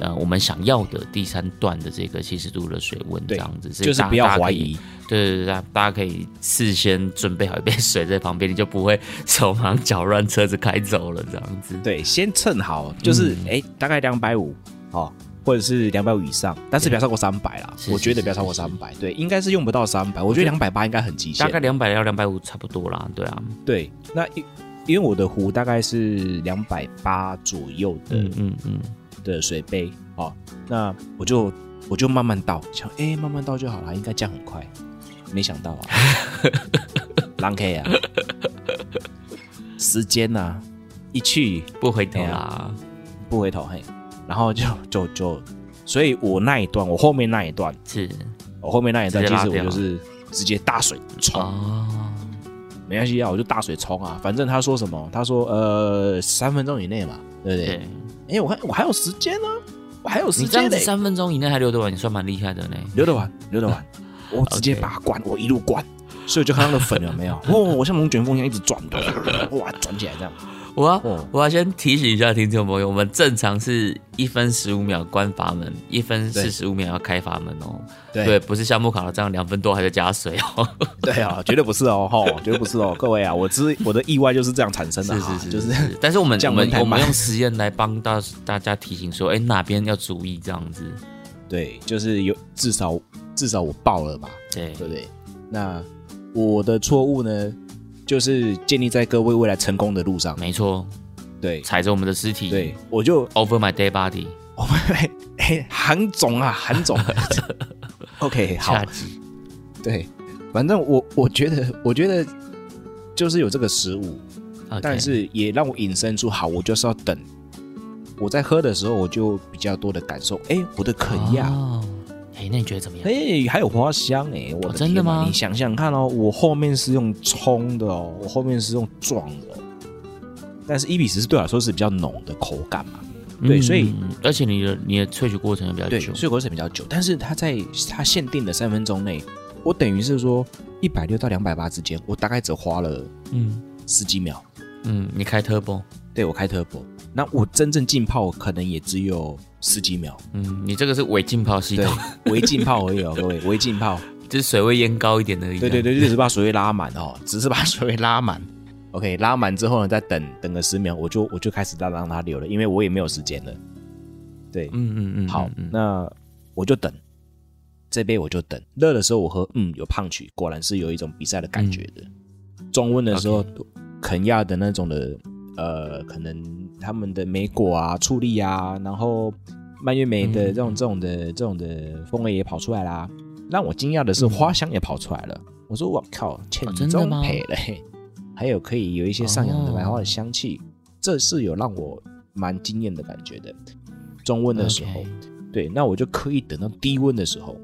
呃，我們想要的第三段的這個七十度的水溫，這樣子就是不要懷疑，對對大家可、就是、可以事先準備好一杯水在旁邊，你就不會手忙腳亂，車子開走了這樣子。對，先稱好，就是哎、嗯欸，大概兩百五哦，或者是兩百五以上，但是不要超過三百啦。我覺得不要超過三百，對，應該是用不到三百。我覺得兩百八應該很極限，大概兩百到兩百五差不多啦。對啊，對，那因因為我的壺大概是兩百八左右的，嗯嗯。對，水杯，哦，那我就我就慢慢倒，想哎、欸、慢慢倒就好了，應該這樣很快，沒想到啊，狼 K 啊，時間吶、啊、一去不回頭啊，哎、不回頭嘿，然後就就就，所以我那一段，我後面那一段是，我後面那一段，其實我就是直接大水沖。哦沒關係啊，我就大水沖啊，反正他說什麼，他說呃三分鐘以內嘛，對不對？哎、欸，我看我還有時間呢，我還有時間、啊、三分鐘以內還留得完，你算蠻厲害的呢，留得完，留得完， 我直接把它關，我一路關，所以就看他的粉有沒有， 哦，我像龍捲風一樣一直轉， 哇，轉起來這樣。我、啊哦、我要、啊、先提醒一下聽,聽眾朋友，我們正常是一分十五秒關閥門，一分四十五秒要開閥門哦。對，對不是像睦卡了這樣，兩分多還在加水哦。對啊，絕對不是哦，哈、 哦，絕對不是哦， 各位啊，我之我的意外就是這樣產生的 是,是,是,是，就是。但是我們我們我們用實驗來幫大大家提醒說，哎，哪邊要注意這樣子？對，就是有至少至少我爆了吧？對，對不對？那我的錯誤呢？就是建立在各位未來成功的路上，沒錯，對，踩着我們的屍體，對我就 over my dead body、oh my, 欸。我們很腫啊，很腫。 OK，好，對，反正我我覺得，我覺得就是有這個食物，okay. 但是也讓我引申出，好，我就是要等。我在喝的時候，我就比較多的感受，哎、欸，我的肯亞。Oh. 哎、欸，那你覺得怎麼樣？哎、欸，還有花香哎、欸，哦！我的真的嗎？你想想看哦、喔，我後面是用沖的哦、喔，我後面是用撞的，喔。但是一比十是對我來說是比較濃的口感嘛？對，嗯、所以而且你的你的萃取過程比較久，萃取過程比較久。但是它在它限定的三分鐘內，我等於是說一百六到兩百八之間，我大概只花了嗯十幾秒嗯。嗯，你開 Turbo，對，我開 Turbo，那我真正浸泡可能也只有。十幾秒，嗯，你這個是微浸泡系統，微浸泡而已哦、喔， 各位，微浸泡就是水位淹高一點的。對對對，就是把水位拉滿哦、喔，只是把水位拉滿。 OK，拉滿之後呢，再等等個十秒，我就我就開始讓讓它流了，因為我也沒有時間了。對，嗯嗯嗯，嗯嗯嗯，好，那我就等，這杯，我就等，熱的時候我喝，嗯，有胖曲，果然是有一種比賽的感覺的。嗯、中溫的時候，okay. 肯亞的那種的。呃，可能他們的莓果啊、醋栗啊，然後蔓越莓的、嗯、這種、這種的、這種的風味也跑出來啦。讓我驚訝的是，花香也跑出來了。嗯、我說：“我靠，淺中焙了。哦”還有可以有一些上揚的白花的香氣，oh. 這是有讓我蠻驚艷的感覺的。中溫的時候，okay. 對，那我就可以等到低溫的時候，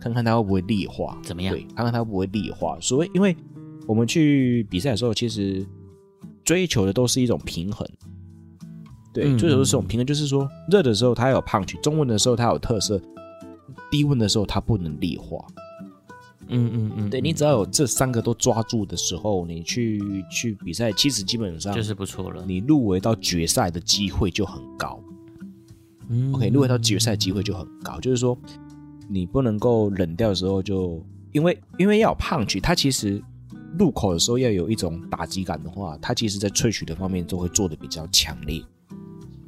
看看它會不會立化，怎麼樣？對，看看它會不會立化。所以，因為我們去比賽的時候，其實。追求的都是一種平衡，對，追求的是一種平衡，就是說，熱的時候它有 punch，中溫的時候它有特色，低溫的時候它不能劣化。嗯嗯嗯，嗯對，對你只要有這三個都抓住的時候，你去去比賽，其實基本上就是不錯了。你入圍到決賽的機會就很高。嗯，嗯，嗯，OK，入圍到決賽機會就很高，就是說你不能夠冷掉的時候就，就因為因為要有 punch，它其實。入口的時候要有一種打擊感的話，它其實，在萃取的方面都會做的比較強烈，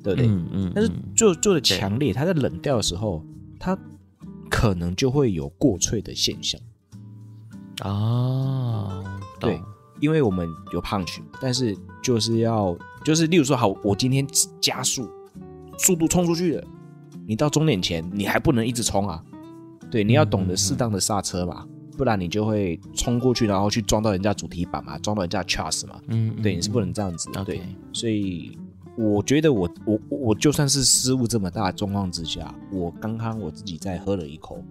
對不對？嗯嗯、嗯。但是做做的強烈，它在冷掉的時候，它可能就會有過萃的現象。啊、哦，對，因為我們有 punch，但是就是要就是，例如說，好，我今天加速速度衝出去了，你到終點前你還不能一直衝啊，對，你要懂得適當的剎車吧。嗯嗯嗯不然你就會衝過去，然後去撞到人家主題板嘛，撞到人家 CHASS 嘛。嗯，對，嗯，你是不能這樣子的、嗯、對、嗯，所以我覺得我我我就算是失誤這麼大的狀況之下，我剛剛我自己再喝了一口，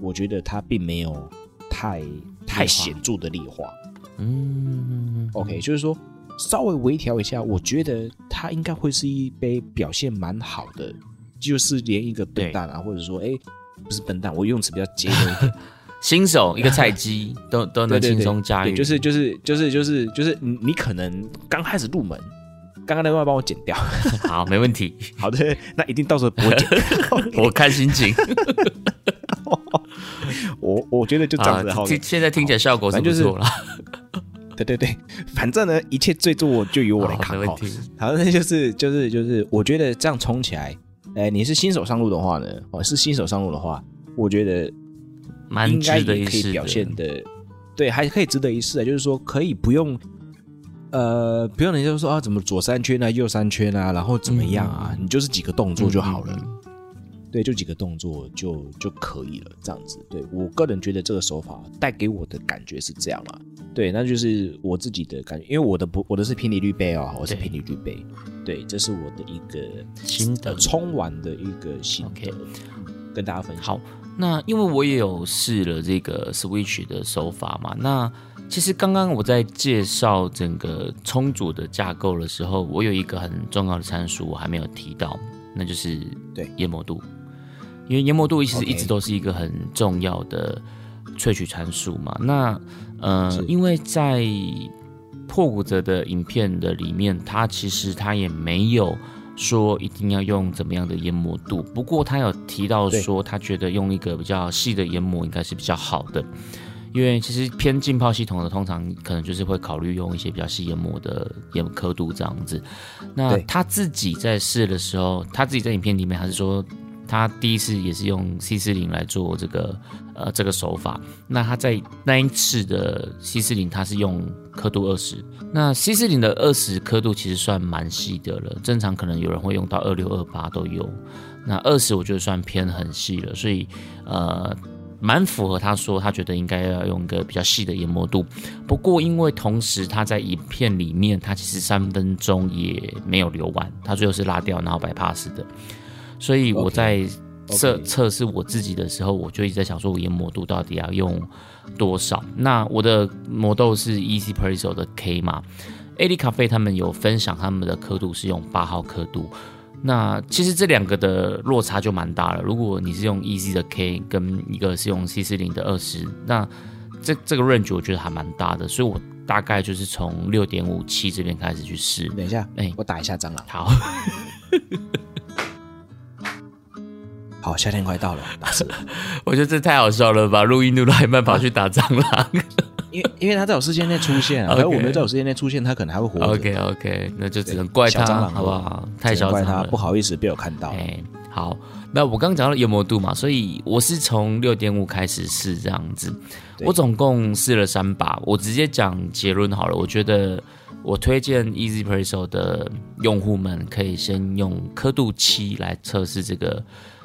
我覺得它並沒有太太顯著的劣化。劣化嗯，嗯，嗯，OK，就是說稍微微調一下，我覺得它應該會是一杯表現蠻好的，就是連一個笨蛋啊，或者說哎，不是笨蛋，我用詞比較尖 新手一個菜雞都都能輕鬆駕馭，就是就是就是就是就是你,你可能剛開始入門，剛剛那塊幫我剪掉， 好，沒問題，好的，那一定到時候我、 okay. 我看心情， 我我覺得就這樣、啊、好，聽現在聽起來效果很不錯了，反正就是反正就是、 對對對，反正呢一切最終就由我來扛好，反、哦、就是就是就是我覺得這樣衝起來、呃，你是新手上路的話呢，哦，是新手上路的話，我覺得。應該也可以表現的,的，對，還可以值得一試的，就是說可以不用，呃，不用人家說啊，怎麼左三圈啊，右三圈啊，然後怎麼樣啊，嗯、你就是幾個動作就好了，嗯嗯對，就幾個動作就就可以了，這樣子。對我個人覺得這個手法帶給我的感覺是這樣啊，對，那就是我自己的感覺，因為我的不，我的是平底濾杯哦，我是平底濾杯，對，這是我的一個心得沖完的一個心得，okay、跟大家分享。好那因為我也有試了這個 Switch 的手法嘛，那其實剛剛我在介紹整個衝煮的架構的時候，我有一個很重要的參數我還沒有提到，那就是對研磨度，因為研磨度其實、okay、一直都是一個很重要的萃取參數嘛。那呃，因為在粕谷哲的影片的裡面，它其實它也沒有說一定要用怎麼樣的研磨度？不過他有提到說，他覺得用一個比較細的研磨應該是比較好的，因為其實偏浸泡系統的通常可能就是會考慮用一些比較細研磨的研刻度這樣子。那他自己在試的時候，他自己在影片裡面還是說，他第一次也是用 C 四零，來做這個呃這個手法。那他在那一次的 C 四零，他是用。刻度二十，那 C 四零的二十刻度其實算蠻細的了。正常可能有人會用到二六二八都有，那二十我覺得算偏很細了。所以呃，蠻符合他說他覺得應該要用一個比較細的研磨度。不過因為同時他在影片裡面，他其實三分鐘也沒有流完，他最後是拉掉然後 bypass 的。所以我在。Okay. 測測試我自己的時候，我就一直在想說，我研磨度到底要用多少？那我的磨豆是 Easypresso 的 K 嘛？AD 咖啡他們有分享他們的刻度是用八號刻度。那其實這兩個的落差就蠻大了。如果你是用 Easy 的 K，跟一個是用 C 四零的二十，那這這個 range 我覺得還蠻大的。所以我大概就是從六點五七這邊開始去試。等一下，哎、欸，我打一下蟑螂。好。 好，夏天快到了，了 我覺得這太好笑了吧，把錄音錄了，還慢跑去打蟑螂。 因為，因為他在我時間內出現、啊，而、okay. 我沒有在我時間內出現，他可能還會活着。OK，OK，、okay, okay, 那就只能，好好只能怪他，好不好？太小怪他，不好意思被我看到。Okay, 好，那我剛剛講到研磨度嘛，所以我是從六點五開始試這樣子。我總共試了三把，我直接講結論好了。我覺得我推薦 1Zpresso 的用戶們可以先用刻度七來測試這個。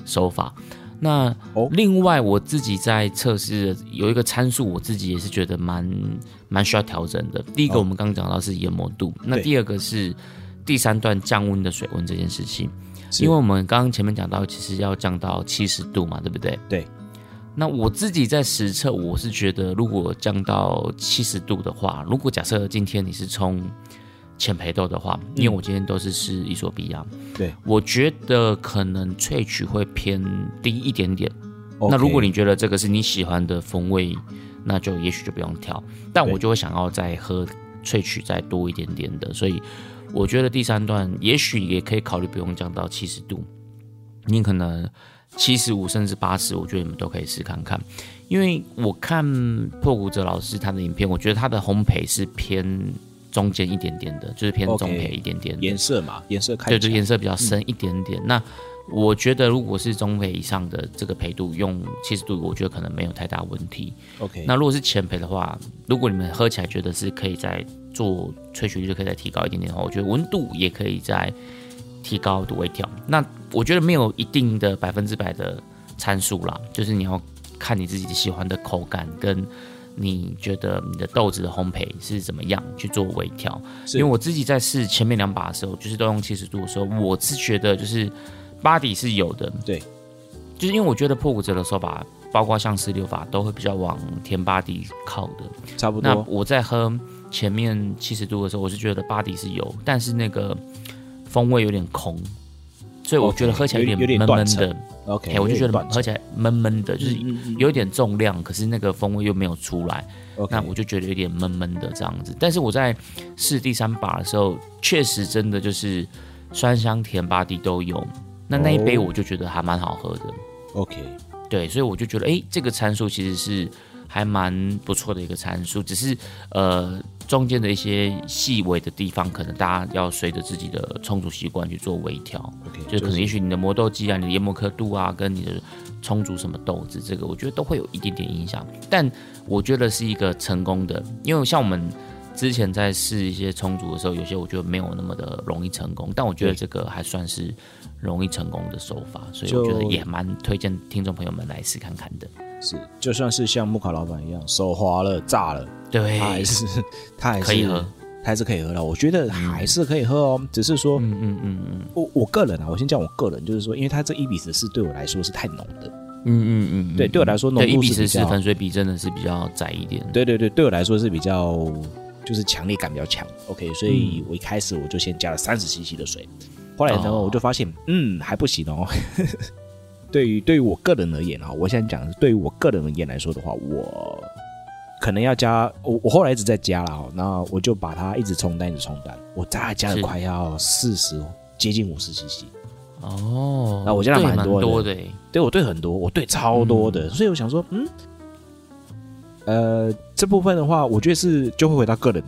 手法，那另外我自己在測試、oh. 有一個參數，我自己也是覺得蠻蠻需要調整的。第一個我們剛剛講到是研磨度，oh. 那第二個是第三段降溫的水溫這件事情，因為我們剛剛前面講到，其實要降到七十度嘛，對不對？對。那我自己在實測，我是覺得如果降到七十度的話，如果假設今天你是從淺培豆的話，因為我今天都是試衣索比亞，對，我覺得可能萃取會偏低一點點、okay。那如果你覺得這個是你喜歡的風味，那就也許就不用調。但我就會想要再喝萃取再多一點點的，所以我覺得第三段也許也可以考慮不用降到七十度，你可能七十五甚至八十，我覺得你們都可以試看看。因為我看粕谷哲老師他的影片，我覺得他的烘焙是偏。中間一點點的，就是偏中焙一點點顏、okay, 色嘛，顏色開對，就顏色比較深一點點、嗯。那我覺得如果是中焙以上的這個焙度，用七十度，我覺得可能沒有太大問題。OK，那如果是淺焙的話，如果你們喝起來覺得是可以再做萃取率，就可以再提高一點點的話，我覺得溫度也可以再提高度微調。那我覺得沒有一定的百分之百的參數啦，就是你要看你自己喜歡的口感跟。你覺得你的豆子的烘焙是怎麼樣去做微調？因為我自己在試前面兩把的時候，就是都用七十度的時候，我是覺得就是巴 y 是有的，對，就是因為我覺得破骨折的時候吧，包括像十六法都會比較往甜巴 y 靠的，差不多。那我在喝前面七十度的時候，我是覺得巴 y 是有，但是那個風味有點空，所以我覺得喝起來有點悶悶的。Okay, OK，、欸、我就覺得喝起來悶悶的，就是有一點重量，可是那個風味又沒有出來、okay.，那我就覺得有點悶悶的這樣子。但是我在試第三把的時候，確實真的就是酸、香、甜、八滴都有，那那一杯我就覺得還蠻好喝的、oh.。OK，對，所以我就覺得，誒，這個參數其實是還蠻不錯的一個參數，只是呃。中間的一些細微的地方，可能大家要隨着自己的沖煮習慣去做微調、okay, 啊。就是可能，也許你的磨豆機啊，你的研磨刻度啊，跟你的沖煮什麼豆子，這個我覺得都會有一點點影響。但我覺得是一個成功的，因為像我們之前在試一些沖煮的時候，有些我覺得沒有那麼的容易成功。但我覺得這個還算是容易成功的手法，嗯、所以我覺得也蠻推薦聽眾朋友們來試看看的。是，就算是像睦卡老闆一樣手滑了、炸了，對，還是他還是，他還是可以喝，他還是可以喝的。我覺得還是可以喝哦，嗯、只是說，嗯嗯嗯嗯，我我個人啊，我先講我個人，就是說，因為他這一比十四對我來說是太濃的，嗯嗯嗯，對，對我來說濃一比十四粉水比真的是比較窄一點，對對對，對，對我來說是比較就是強烈感比較強。OK，所以我一開始我就先加了三十 CC 的水，後來呢我就發現、哦，嗯，還不行哦。 對於對於我個人而言啊，我現在講的是對於我個人而言來說的話，我可能要加我我後來一直在加了，那我就把它一直沖淡，一直沖淡，我大加加了快要四十，接近五十 cc 哦，那我加了蠻很多的。對，多對，對我兌很多，我兌超多的。嗯，所以我想說，嗯，呃，這部分的話，我覺得是就會回到個人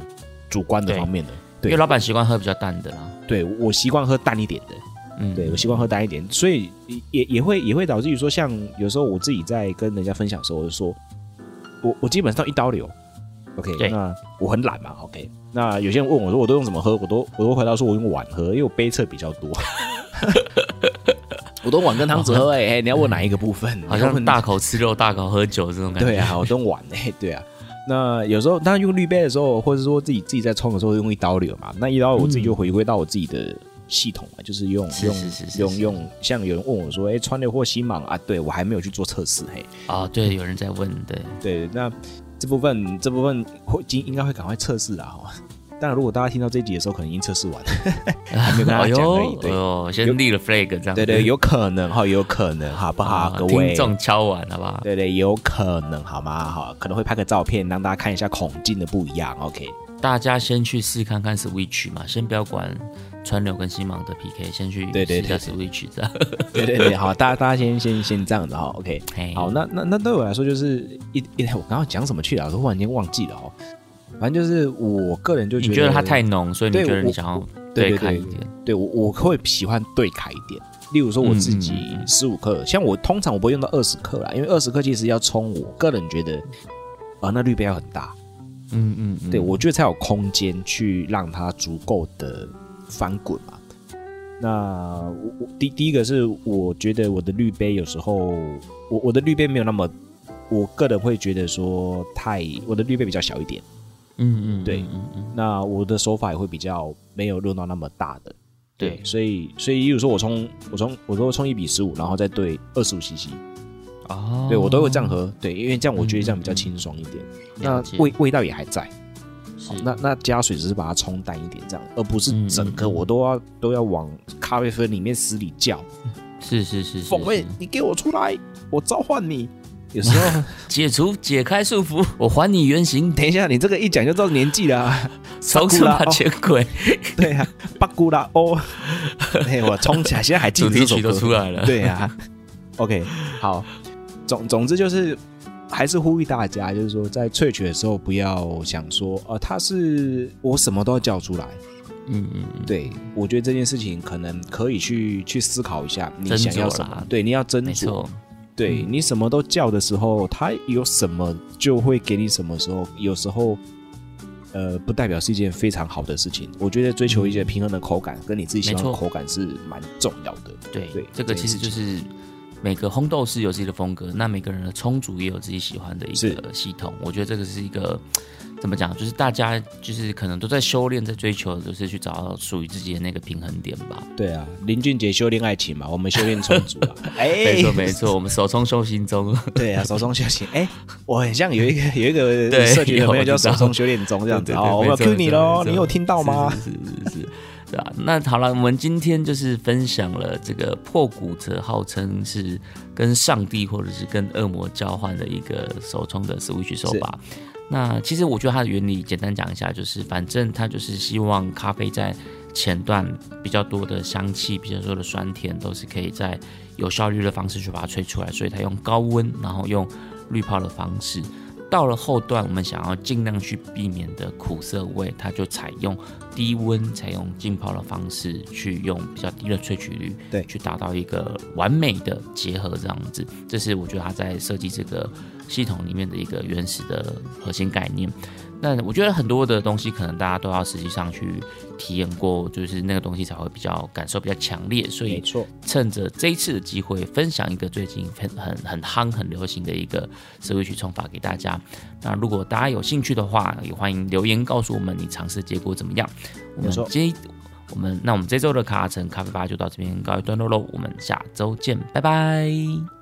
主觀的方面的。對對，因為老板習慣喝比較淡的啦，對我習慣喝淡一點的。嗯，對我習慣喝淡一點、嗯，所以也也會也會導致於說，像有時候我自己在跟人家分享的時候，我就說，我我基本上一刀流，OK，那我很懶嘛，OK，那有些人問我說我都用什麼喝，我都我都回答說我用碗喝，因為我杯測比較多， 我都碗跟湯匙喝、欸，哎、嗯、哎、欸，你要問哪一個部分？好像大口吃肉、大、嗯、口喝酒這種感覺。對啊，我都碗誒、欸，對啊。那有時候，當然用濾杯的時候，或者是說自己自己在沖的時候用一刀流嘛，那一刀流我自己就回歸到我自己的、嗯。系統啊，就是用用是是是是是用用，像有人問我說：“哎、欸，穿了或新莽啊？”對，我還沒有去做測試嘿。啊，對，有人在問，對對，那這部分這部分會經應該會趕快測試啊。當然，如果大家聽到這一集的時候，可能已經測試完，了，啊、呵呵還沒有跟大家講而已。啊、對，先立了 flag 這樣。對,對對，有可能哈、喔，有可能，好不好？各、啊、位聽眾敲完了吧？對,對對，有可能好嗎？哈，可能會拍個照片讓大家看一下孔徑的不一樣。OK，大家先去試看看 Switch 嘛，先不要管，川流跟新芒的 PK，先去對對 Switch 的，對對對，好，大家大家先先先這樣子哈、哦、，OK，、hey. 好，那那那對我來說就是一,一，我剛剛講什麼去了？我忽然間忘記了哦。反正就是我個人就覺得，你覺得它太濃，所以你覺得你想要對開一點？對、對、對、對、對我我會喜歡對開一點。例如說我自己十五克、嗯，像我通常我不會用到二十克啦，因為二十克其實要沖，我個人覺得啊、呃，那綠杯要很大，嗯嗯、嗯，對我覺得才有空間去讓它足夠的。翻滾嘛，那我,我第第一個是我覺得我的濾杯有時候我我的濾杯沒有那麼，我個人會覺得說太我的濾杯比較小一點，嗯嗯,嗯對嗯嗯嗯，那我的手法也會比較沒有用到那麼大的，對，所以所以比如說我沖我沖我都沖一比十五，然後再兌二十五 CC 啊，對我都會這樣喝，對，因為這樣我覺得這樣比較清爽一點，嗯嗯那味味道也還在。Oh, 那那加水只是把它沖淡一點，這樣，而不是整個我都要、嗯嗯、都要往咖啡粉裡面死裡叫。是是是，是，是，風味，你給我出來，我召喚你。有時候解除解開束縛，我還你原形。等一下，你這個一講就到年紀了、啊，醜八怪鬼。 對啊，巴古拉哦。 我沖起來，現在還記得主題曲都出來了。 對啊 o、okay, k 好。總總之就是。還是呼籲大家，就是說，在萃取的時候，不要想說，呃，它是我什麼都要叫出來，嗯嗯，對我覺得這件事情可能可以去去思考一下，你想要什麼？啊、對，你要斟酌。對、嗯、你什麼都叫的時候，它有什麼就會給你什麼時候？有時候，呃，不代表是一件非常好的事情。我覺得追求一些平衡的口感，嗯、跟你自己喜歡的口感是蠻重要的對。對，這個其實就是。.每個烘豆師有自己的風格，那每個人的沖煮也有自己喜歡的一個系統。我覺得這個是一個怎麼講？就是大家就是可能都在修煉，在追求，就是去找到屬於自己的那個平衡點吧。對啊，林俊傑修煉愛情嘛，我們修煉沖煮啊。 哎，沒錯沒錯，我們手沖修行中。對啊，手沖修行。哎，我很像有一個有一個設計朋友叫手沖修煉中這樣子。好、哦，我們要 Q 你嘍，你有聽到嗎？是是是，是，是，是。 對啊，那好了，我們今天就是分享了這個粕谷哲，號稱是跟上帝或者是跟惡魔交換的一個手衝的 switch 手法。那其實我覺得它的原理，簡單講一下，就是反正它就是希望咖啡在前段比較多的香氣、比較多的酸甜，都是可以在有效率的方式去把它萃出來，所以它用高溫，然後用濾泡的方式。到了後段，我們想要盡量去避免的苦澀味，它就採用低溫、採用浸泡的方式，去用比較低的萃取率，對，去達到一個完美的結合，這樣子，這是我覺得它在設計這個系統裡面的一個原始的核心概念。那我覺得很多的東西，可能大家都要實際上去體驗過，就是那個東西才會比較感受比較強烈。沒錯。趁着這一次的機會，分享一個最近很很很夯、很流行的一個 Switch 沖法給大家。那如果大家有興趣的話，也歡迎留言告訴我們你嘗試結果怎麼樣？我們這我們那我們這周的卡卡橙咖啡吧就到這邊告一段落嘍。我們下周見，拜拜，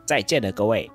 再見了各位。